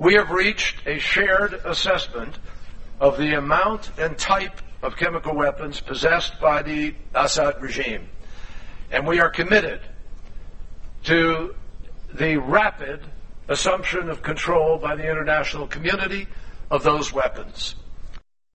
we have reached a shared assessment of the amount and type of chemical weapons possessed by the Assad regime. And we are committed to the rapid assumption of control by the international community of those weapons.